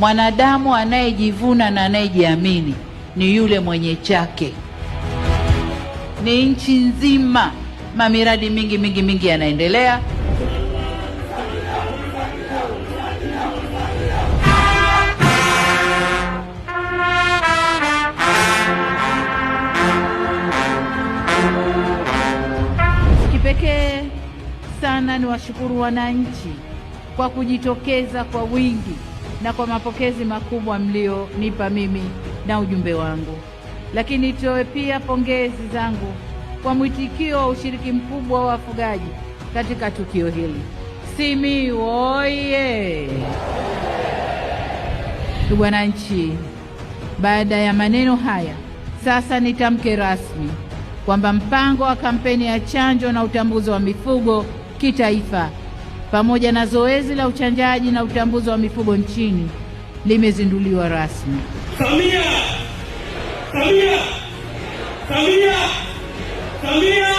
Mwanadamu anayejivuna na anayejiamini ni yule mwenye chake. Ni nchi nzima, mamiradi mingi mingi mingi yanaendelea. Kipekee sana ni washukuru wananchi kwa kujitokeza kwa wingi na kwa mapokezi makubwa mlionipa mimi na ujumbe wangu. Lakini nitoe pia pongezi zangu kwa mwitikio wa ushiriki mkubwa wa wafugaji katika tukio hili. Simiyu oye! Ndugu wananchi, baada ya maneno haya, sasa nitamke rasmi kwamba mpango wa kampeni ya chanjo na utambuzi wa mifugo kitaifa pamoja na zoezi la uchanjaji na utambuzi wa mifugo nchini limezinduliwa rasmi. Samia! Samia! Samia! Samia!